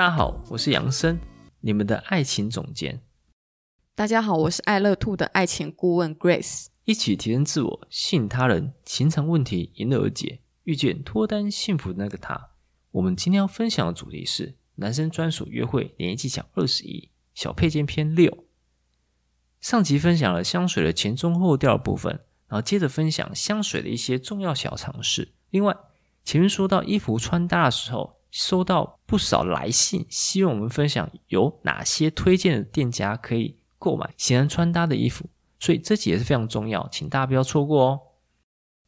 大家好，我是楊森，你們的愛情總監。大家好，我是愛樂兔的愛情顧問 Grace。一起提升自我，吸引他人，情場問題迎刃而解，遇見脫單幸福的那個他。我們今天要分享的主題是男生專屬約會聯誼技巧21，小配件篇六。上集分享了香水的前中後調部分，然後接着分享香水的一些重要小常識。另外，前面說到衣服穿搭的時候。收到不少來信，希望我們分享有哪些推薦的店家可以購買型男穿搭的衣服，所以這集也是非常重要，請大家不要錯過哦。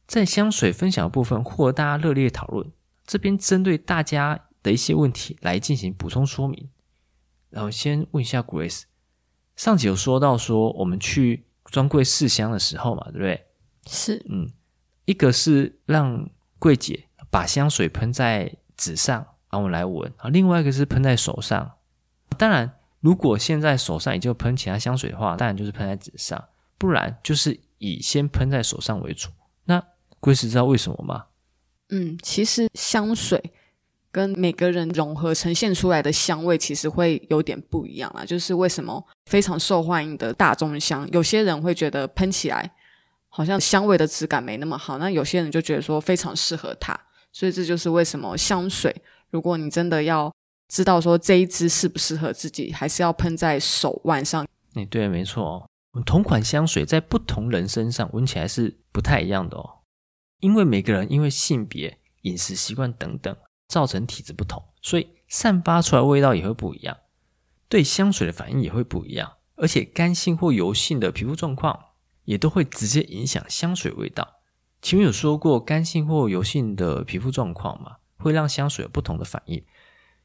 在香水分享的部分，獲得大家熱烈討論，這邊針對大家的一些問題來進行補充說明。然後先問一下 Grace，上集有說到說我們去專櫃試香的時候嘛，對不對？是，嗯，一個是讓櫃姐把香水噴在紙上。然後我來聞啊，另外一個是噴在手上。當然，如果現在手上已經噴其他香水的話，當然就是噴在紙上，不然就是以先噴在手上為主。那 Grace 知道為什麼嗎？嗯，其實香水跟每個人融合呈現出來的香味，其實會有點不一樣啊。就是為什麼非常受歡迎的大眾香，有些人會覺得噴起來好像香味的質感沒那麼好，那有些人就覺得說非常適合它，所以這就是為什麼香水。如果你真的要知道說這一支適不適合自己，還是要噴在手腕上。誒、欸，對啊，沒錯哦，同款香水在不同人身上聞起來是不太一樣的哦。因為每個人因為性別、飲食習慣等等造成體質不同，所以散發出來的味道也會不一樣，對香水的反應也會不一樣。而且乾性或油性的皮膚狀況也都會直接影響香水味道。前面有說過乾性或油性的皮膚狀況嗎？會讓香水有不同的反應，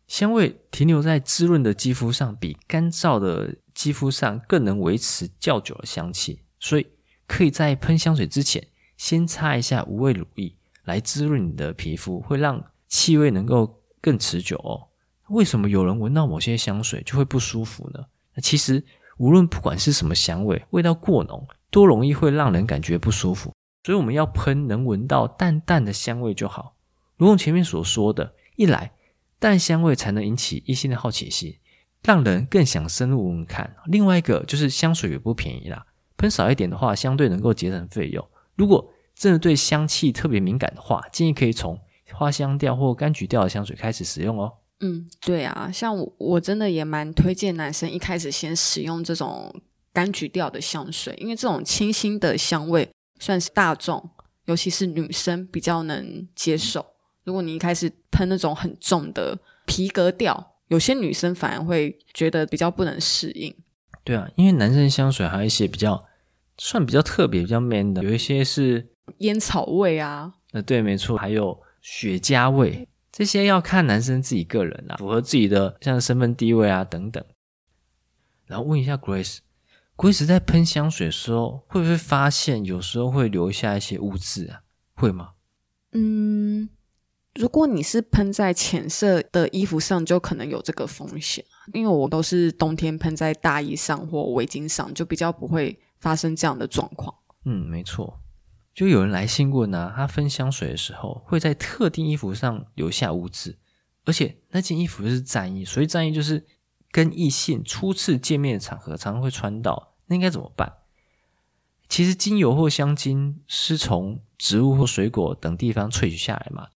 香味停留在滋潤的肌膚上，比乾燥的肌膚上更能維持較久的香氣。所以可以在噴香水之前，先擦一下無味乳液來滋潤你的皮膚，會讓氣味能夠更持久哦。為什麼有人聞到某些香水就會不舒服呢？那其實無論不管是什麼香味，味道過濃，都容易會讓人感覺不舒服。所以我們要噴能聞到淡淡的香味就好。如同前面所說的，一來淡香味才能引起異性的好奇心，讓人更想深入聞聞看；另外一個就是香水也不便宜啦，噴少一點的話，相對能夠節省費用。如果真的對香氣特別敏感的話，建議可以從花香調或柑橘調的香水開始使用哦。嗯，對啊，像我我真的也蠻推薦男生一開始先使用這種柑橘調的香水，因為這種清新的香味算是大眾，尤其是女生比較能接受。如果你一開始噴那種很重的皮革調，有些女生反而會覺得比較不能適應。對啊，因為男生香水還有一些比較算比較特別、比較 man 的，有一些是煙草味啊。那、啊、對，沒錯，還有雪茄味，這些要看男生自己個人啊，符合自己的像身份地位啊等等。然後問一下 Grace，Grace、嗯、Grace 在噴香水時候，會不會發現有時候會留下一些污漬啊？會嗎？嗯。如果你是噴在淺色的衣服上，就可能有這個風險。因為我都是冬天噴在大衣上或圍巾上，就比較不會發生這樣的狀況。嗯，沒錯。就有人來信過呢、啊，他噴香水的時候會在特定衣服上留下污漬，而且那件衣服就是戰衣，所以戰衣就是跟異性初次見面的場合常常會穿到，那應該怎麼辦？其實精油或香精是從植物或水果等地方萃取下來嘛。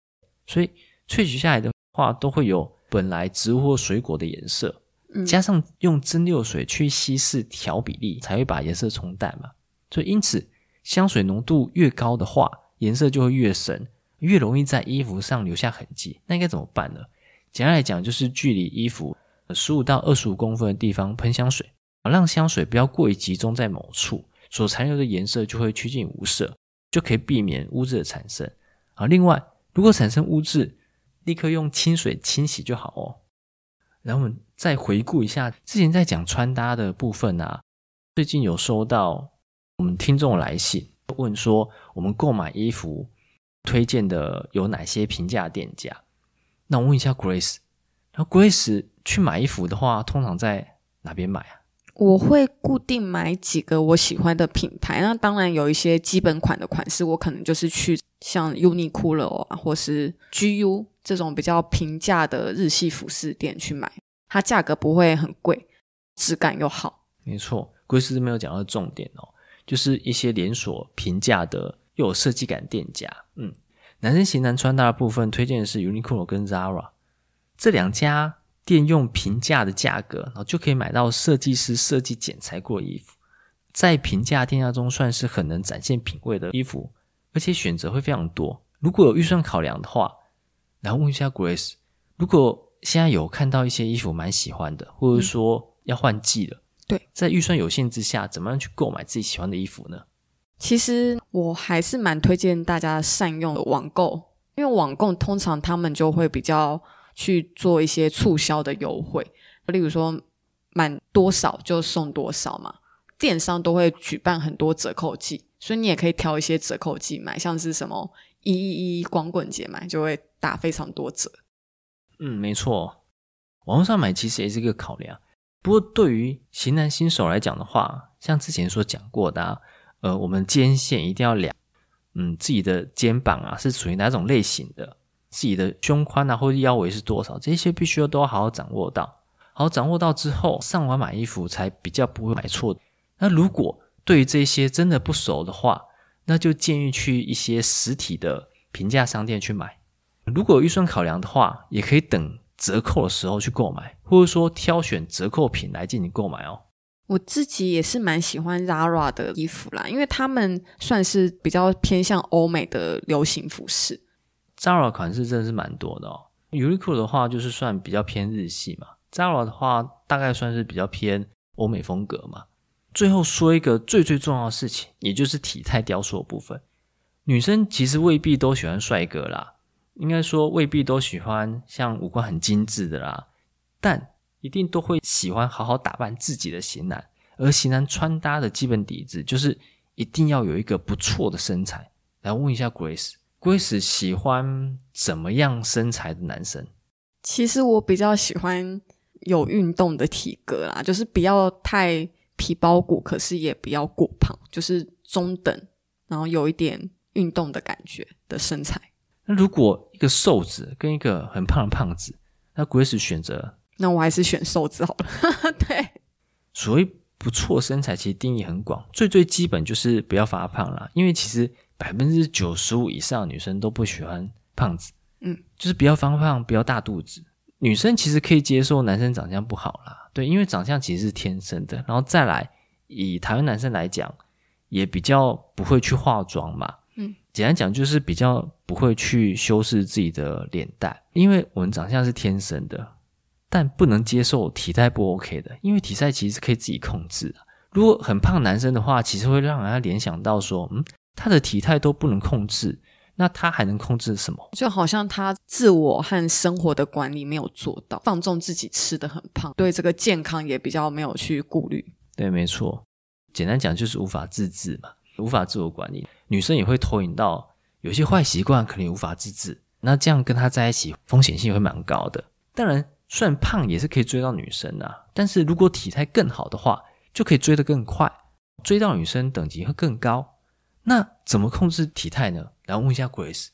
所以萃取下來的話，都會有本來植物或水果的顏色，加上用蒸餾水去稀釋調比例，才會把顏色沖淡嘛。所以因此，香水濃度越高的話，顏色就會越深，越容易在衣服上留下痕跡。那應該怎麼辦呢？簡單來講，就是距離衣服十五到二十五公分的地方噴香水，啊，讓香水不要過於集中在某處，所殘留的顏色就會趨近無色，就可以避免污漬的產生。而另外。如果產生污漬，立刻用清水清洗就好哦。然後我們再回顧一下之前在講穿搭的部分啊。最近有收到我們聽眾來信，問說我們購買衣服推薦的有哪些平價店家？那我問一下 Grace，Grace 然後 Grace 去買衣服的話，通常在哪邊買啊？我會固定買幾個我喜歡的品牌，那當然有一些基本款的款式，我可能就是去像 Uniqlo 或是 GU 這種比較平價的日系服飾店去買，它價格不會很貴，質感又好。沒錯，貴是沒有講到重點哦，就是一些連鎖平價的又有設計感店家。嗯，男生型男穿搭的部分推薦的是 Uniqlo 跟 Zara 這兩家。店用平價的價格，然後就可以買到設計師設計剪裁過的衣服，在平價店家中算是很能展現品味的衣服，而且選擇會非常多。如果有預算考量的話，然後問一下 Grace，如果現在有看到一些衣服蠻喜歡的，或者說要換季了，嗯，對，在預算有限之下，怎麼樣去購買自己喜歡的衣服呢？其實我還是蠻推薦大家善用的網購，因為網購通常他們就會比較。去做一些促銷的優惠，例如說滿多少就送多少嘛。電商都會舉辦很多折扣季，所以你也可以挑一些折扣季買，像是什麼一一一光棍節買就會打非常多折。嗯，沒錯，網上買其實也是一個考量。不過對於型男新手來講的話，像之前所講過的，啊，呃，我們肩線一定要量，嗯，自己的肩膀啊是屬於哪種類型的。自己的胸寬啊，或是腰圍是多少，這些必須要都要好好掌握到。好，掌握到之後，上網買衣服才比較不會買錯的。那如果對於這些真的不熟的話，那就建議去一些實體的平價商店去買。如果有預算考量的話，也可以等折扣的時候去購買，或者說挑選折扣品來進行購買哦。我自己也是蠻喜歡 Zara 的衣服啦，因為他們算是比較偏向歐美的流行服飾。Zara 款式真的是蠻多的哦，Uniqlo 的話就是算比較偏日系嘛，Zara 的話大概算是比較偏歐美風格嘛。最後說一個最最重要的事情，也就是體態雕塑的部分。女生其實未必都喜歡帥哥啦，應該說未必都喜歡像五官很精緻的啦，但一定都會喜歡好好打扮自己的型男。而型男穿搭的基本底子就是一定要有一個不錯的身材。來問一下 Grace。Grace 喜歡怎麼樣身材的男生？其實我比較喜歡有運動的體格啦，就是不要太皮包骨，可是也不要過胖，就是中等，然後有一點運動的感覺的身材。那如果一個瘦子跟一個很胖的胖子，那 Grace 選擇，那我還是選瘦子好了。 對，所謂不錯身材，其實定義很廣，最最基本就是不要發胖啦，因為其實。百分之九十五以上的女生都不喜歡胖子，嗯，就是比較方胖，比較大肚子。女生其實可以接受男生長相不好啦，對，因為長相其實是天生的。然後再來，以台灣男生來講，也比較不會去化妝嘛，嗯，簡單講就是比較不會去修飾自己的臉蛋，因為我們長相是天生的，但不能接受體態不 OK 的，因為體態其實可以自己控制。如果很胖男生的話，其實會讓人家聯想到說，嗯。他的體態都不能控制，那他還能控制什麼？就好像他自我和生活的管理沒有做到，放縱自己吃得很胖，對這個健康也比較沒有去顧慮。對，沒錯，簡單講就是無法自制嘛，無法自我管理。女生也會投影到有些壞習慣，可能無法自制。那這樣跟他在一起，風險性也會蠻高的。當然，雖然胖也是可以追到女生啊，但是如果體態更好的話，就可以追得更快，追到女生等級會更高。那怎麼控制體態呢？然後問一下 Grace，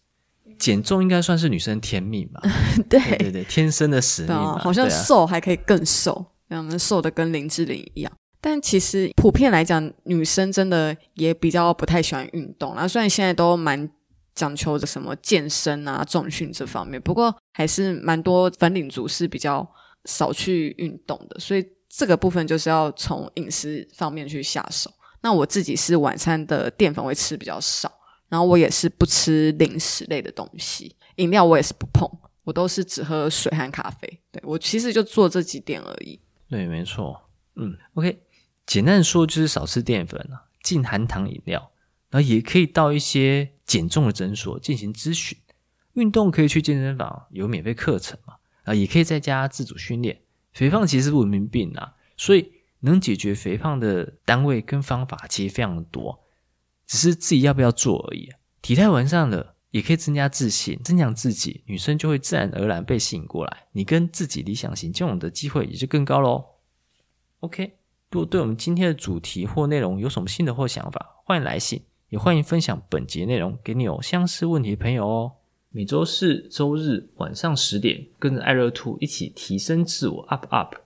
減重應該算是女生天命吧 對對對，天生的使命、啊、好像瘦還可以更瘦，們、啊、瘦的跟林志玲一樣。但其實普遍來講，女生真的也比較不太喜歡運動，然後雖然現在都蠻講求的什麼健身啊、重訓這方面，不過還是蠻多粉領族是比較少去運動的。所以這個部分就是要從飲食方面去下手。那我自己是晚餐的澱粉會吃比較少，然後我也是不吃零食類的東西，飲料我也是不碰，我都是只喝水和咖啡。對，我其實就做這幾點而已。對，沒錯。嗯，OK，簡單說就是少吃澱粉啊，禁含糖飲料，然後也可以到一些減重的診所進行諮詢。運動可以去健身房，有免費課程嘛，啊，也可以在家自主訓練。肥胖其實不文明病啊，所以。能解決肥胖的單位跟方法其實非常的多，只是自己要不要做而已啊。體態完善了，也可以增加自信，增強自己，女生就會自然而然被吸引過來，你跟自己理想型交往的機會也就更高嘍。OK，如果對我們今天的主題或內容有什麼新的或想法，歡迎來信，也歡迎分享本節內容給你有相似問題的朋友哦。每周四周日晚上十點，跟着愛樂 Two 一起提升自我，up up。